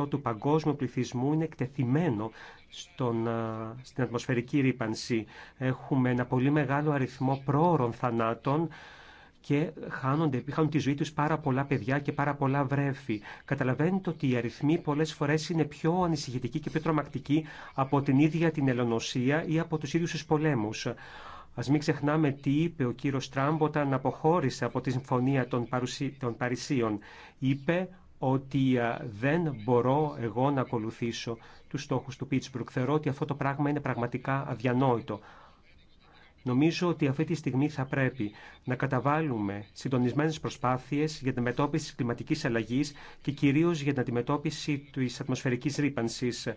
[SPEAKER 1] 90% του παγκόσμιου πληθυσμού είναι εκτεθειμένο στον, στην ατμοσφαιρική ρήπανση. Έχουμε ένα πολύ μεγάλο αριθμό πρόωρων θανάτων και χάνονται, χάνουν τη ζωή τους πάρα πολλά παιδιά και πάρα πολλά βρέφη. Καταλαβαίνετε ότι οι αριθμοί πολλές φορές είναι πιο ανησυχητικοί και πιο τρομακτικοί από την ίδια την ελονοσία ή από τους ίδιους τους πολέμους. Α μην ξεχνάμε τι είπε ο κύριο Τραμπ όταν αποχώρησε από τη Συμφωνία των, Παρουσί... των Παρισίων. Είπε ότι δεν μπορώ εγώ να ακολουθήσω τους στόχους του Πίτσμπρουκ. Θεωρώ ότι αυτό το πράγμα είναι πραγματικά αδιανόητο. Νομίζω ότι αυτή τη στιγμή θα πρέπει να καταβάλουμε συντονισμένες προσπάθειες για την αντιμετώπιση της κλιματικής αλλαγής και κυρίως για την αντιμετώπιση της ατμοσφαιρικής ρήπανσης.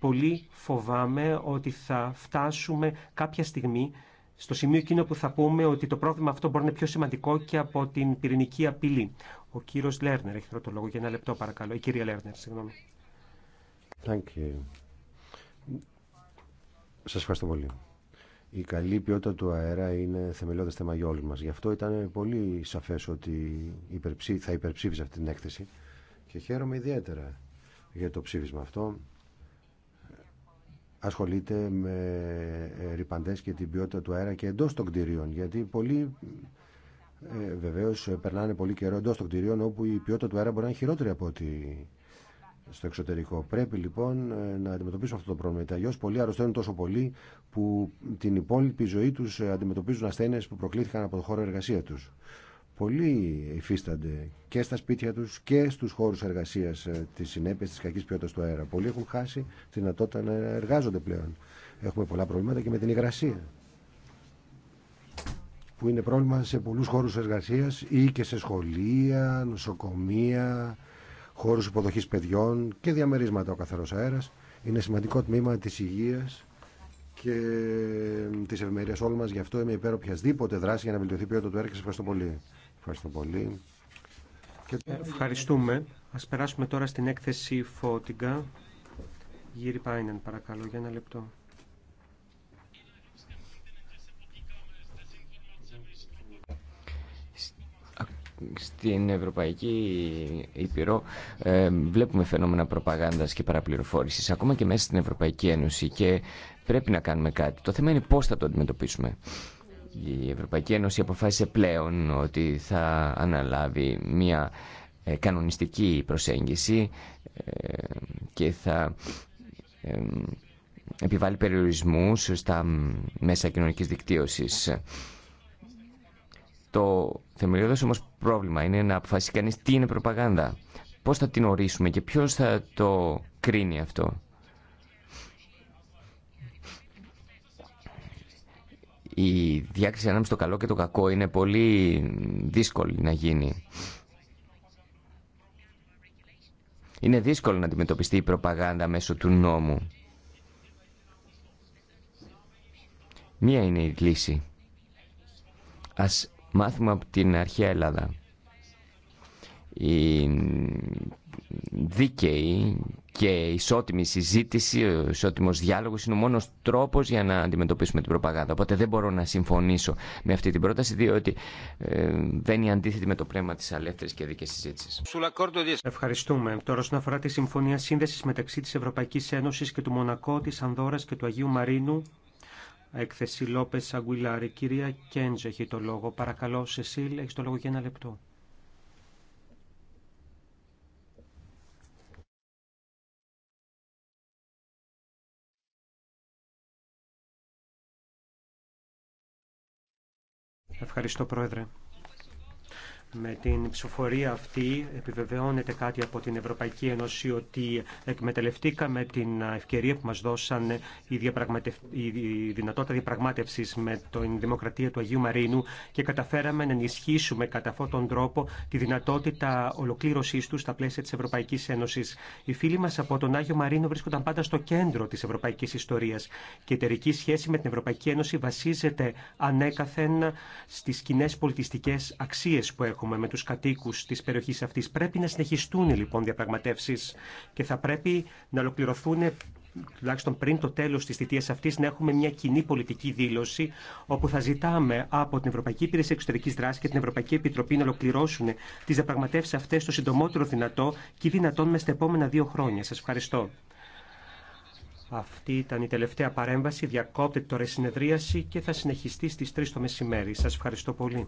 [SPEAKER 1] Πολύ φοβάμαι ότι θα φτάσουμε κάποια στιγμή στο σημείο εκείνο που θα πούμε ότι το πρόβλημα αυτό μπορεί να είναι πιο σημαντικό και από την πυρηνική απειλή. Ο κύριο Λέρνερ έχει το λόγο για ένα λεπτό, παρακαλώ. Η κυρία Λέρνερ, συγγνώμη.
[SPEAKER 3] Thank Σας ευχαριστώ πολύ. Η καλή ποιότητα του αέρα είναι θεμελιώδε θέμα για όλου μας. Γι' αυτό ήταν πολύ σαφέ ότι θα υπερψήφιζε αυτή την έκθεση και χαίρομαι ιδιαίτερα για το ψήφισμα αυτό ασχολείται με ε, ρηπαντές και την ποιότητα του αέρα και εντός των κτηρίων γιατί πολλοί ε, βεβαίως περνάνε πολύ καιρό εντο των κτηρίων όπου η ποιότητα του αέρα μπορεί να είναι χειρότερη από ότι στο εξωτερικό. Πρέπει λοιπόν ε, να αντιμετωπίσουμε αυτό το πρόβλημα. Γιατί αλλιώ πολλοί αρρωσταίνουν τόσο πολύ που την υπόλοιπη ζωή του ε, αντιμετωπίζουν ασθένειε που προκλήθηκαν από το χώρο εργασία του πολλοί υφίστανται και στα σπίτια τους και στους χώρους εργασίας ε, τις συνέπειες της κακής ποιότητας του αέρα. Πολλοί έχουν χάσει τη δυνατότητα να εργάζονται πλέον. Έχουμε πολλά προβλήματα και με την υγρασία που είναι πρόβλημα σε πολλούς χώρους εργασίας ή και σε σχολεία, νοσοκομεία, χώρους υποδοχής παιδιών και διαμερίσματα ο καθαρός αέρας. Είναι σημαντικό τμήμα της υγείας και ε, της ευημερίας όλων μας. Γι' αυτό είμαι υπέρ οποιασδήποτε δράση για να βελτιωθεί ποιότητα του έργου. Σας ευχαριστώ πολύ. Ευχαριστώ
[SPEAKER 1] Ευχαριστούμε. Ας περάσουμε τώρα στην έκθεση Φώτιγκα. Γύρι Πάινεν, παρακαλώ, για ένα λεπτό.
[SPEAKER 2] στην Ευρωπαϊκή Ήπειρο ε, βλέπουμε φαινόμενα προπαγάνδας και παραπληροφόρησης ακόμα και μέσα στην Ευρωπαϊκή Ένωση και πρέπει να κάνουμε κάτι. Το θέμα είναι πώς θα το αντιμετωπίσουμε. Η Ευρωπαϊκή Ένωση αποφάσισε πλέον ότι θα αναλάβει μια ε, κανονιστική προσέγγιση ε, και θα ε, επιβάλλει περιορισμούς στα μέσα κοινωνικής δικτύωσης. Το θεμελιώδες όμως πρόβλημα είναι να αποφασίσει κανείς τι είναι προπαγάνδα. Πώς θα την ορίσουμε και ποιος θα το κρίνει αυτό. η διάκριση ανάμεσα στο καλό και το κακό είναι πολύ δύσκολη να γίνει. Είναι δύσκολο να αντιμετωπιστεί η προπαγάνδα μέσω του νόμου. Μία είναι η λύση. Ας μάθουμε από την αρχαία Ελλάδα δίκαιη και ισότιμη συζήτηση, ο ισότιμο διάλογο είναι ο μόνο τρόπο για να αντιμετωπίσουμε την προπαγάνδα. Οπότε δεν μπορώ να συμφωνήσω με αυτή την πρόταση, διότι ε, δεν είναι αντίθετη με το πνεύμα τη αλεύθερη και δίκαιη συζήτηση.
[SPEAKER 1] Ευχαριστούμε. Τώρα, όσον αφορά τη Συμφωνία Σύνδεση μεταξύ τη Ευρωπαϊκή Ένωση και του Μονακό, τη Ανδόρα και του Αγίου Μαρίνου, έκθεση Λόπε Αγκουιλάρη. Κυρία Κέντζ έχει το λόγο. Παρακαλώ, Σεσίλ, έχει το λόγο για ένα λεπτό.
[SPEAKER 4] Ευχαριστώ, Πρόεδρε. Με την ψηφοφορία αυτή
[SPEAKER 1] επιβεβαιώνεται κάτι από την Ευρωπαϊκή Ένωση ότι εκμεταλλευτήκαμε την ευκαιρία που μας δώσαν η, διαπραγματευ... η δυνατότητα διαπραγμάτευσης με την Δημοκρατία του Αγίου Μαρίνου και καταφέραμε να ενισχύσουμε κατά αυτόν τον τρόπο τη δυνατότητα ολοκλήρωσής του στα πλαίσια της Ευρωπαϊκής Ένωσης. Οι φίλοι μας από τον Άγιο Μαρίνο βρίσκονταν πάντα στο κέντρο της ευρωπαϊκής ιστορίας και η εταιρική σχέση με την Ευρωπαϊκή Ένωση βασίζεται ανέκαθεν στις κοινέ πολιτιστικές αξίες που έχουμε έχουμε με τους κατοίκους της περιοχής αυτής. Πρέπει να συνεχιστούν λοιπόν διαπραγματεύσεις και θα πρέπει να ολοκληρωθούν τουλάχιστον πριν το τέλος της θητείας αυτής, να έχουμε μια κοινή πολιτική δήλωση, όπου θα ζητάμε από την Ευρωπαϊκή Υπηρεσία Εξωτερικής Δράσης και την Ευρωπαϊκή Επιτροπή να ολοκληρώσουν τις διαπραγματεύσεις αυτές το συντομότερο δυνατό και δυνατόν μέσα στα επόμενα δύο χρόνια. Σας ευχαριστώ. Αυτή ήταν η τελευταία παρέμβαση. Διακόπτεται τώρα η συνεδρίαση και θα συνεχιστεί στις 3 το μεσημέρι. Σας ευχαριστώ πολύ.